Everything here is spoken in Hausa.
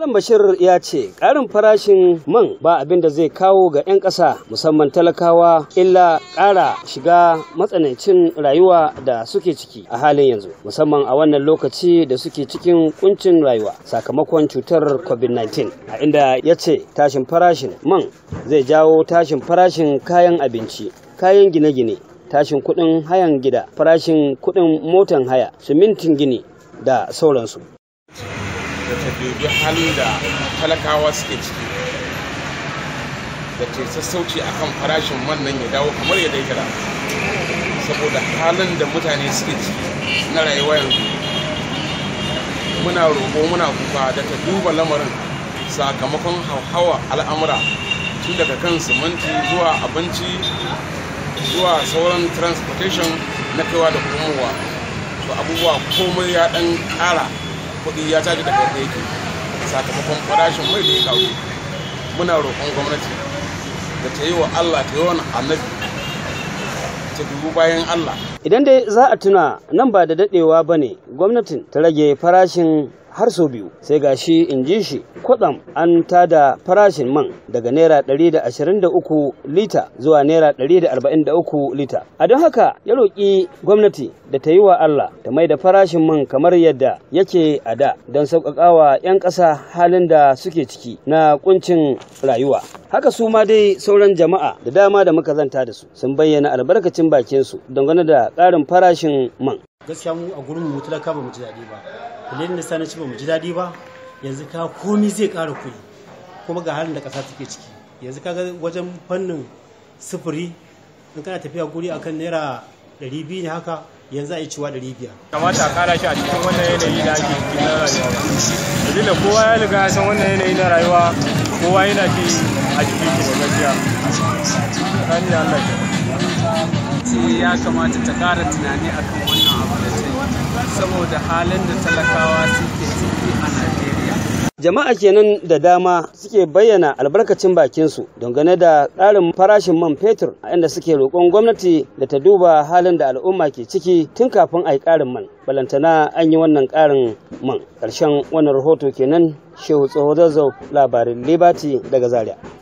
Alan Bashir ya ce ƙarin farashin man ba abin da zai kawo ga 'yan ƙasa musamman talakawa illa ƙara shiga matsanancin rayuwa da suke ciki a halin yanzu musamman a wannan lokaci da suke cikin kuncin rayuwa sakamakon cutar COVID-19 a inda ya ce tashin farashin man zai jawo tashin farashin kayan abinci kayan gine-gine tashin kuɗin hayan gida farashin kuɗin motan haya simintin gini da sauransu. da ta dubi halin da talakawa suke ciki da ta sassauci a kan farashin man ya dawo kamar ya dai da saboda halin da mutane suke ciki na rayuwa yanzu muna roƙo muna kuka da ta duba lamarin sakamakon hauhawa al'amura tun daga kan siminti zuwa abinci zuwa sauran transportation na kaiwa da komowa abubuwa komai ya ɗan ƙara kuɗi ya tashi daga wanda yake sakamakon farashin mai da ya kawo muna roƙon gwamnati da ta yi wa Allah ta yi wani annabi ta dubu bayan Allah idan dai za a tuna nan ba da dadewa ba ne gwamnatin ta rage farashin har sau biyu sai ga shi in ji shi kwadam an tada farashin man daga naira 123 lita zuwa naira 143 lita a don haka ya roƙi gwamnati da ta yi wa Allah ta mai da farashin man kamar yadda yake a da don sauƙaƙawa 'yan ƙasa halin da suke ciki na kuncin rayuwa haka su ma dai sauran jama'a da dama da muka zanta da su sun bayyana albarkacin bakinsu dangane da ƙarin farashin man gaskiya mu a gurin mu talaka ba mu ji daɗi ba dalilin da sani ba mu ji daɗi ba yanzu ka komi zai ƙara kuɗi kuma ga halin da ƙasa take ciki yanzu ka wajen fannin sufuri in kana tafiya guri akan naira ɗari biyu ne haka yanzu a yi ciwa ɗari biyar. kamata a kara shi a cikin wannan yanayi da ake cikin na rayuwa ba kowa ya riga ya san wannan yanayi na rayuwa kowa yana ji a cikin shi da Allah ya kamata ta kara tunani akan wannan abu da ta saboda halin da talakawa suke ciki a Najeriya. Jama'a kenan da dama suke bayyana albarkacin bakinsu dangane da ƙarin farashin man fetur a inda suke roƙon gwamnati da ta duba halin da al'umma ke ciki tun kafin a yi ƙarin man. Balantana an yi wannan ƙarin man. Ƙarshen wannan rahoto kenan Shehu Tsohon Zazzau labarin Liberty daga Zaria.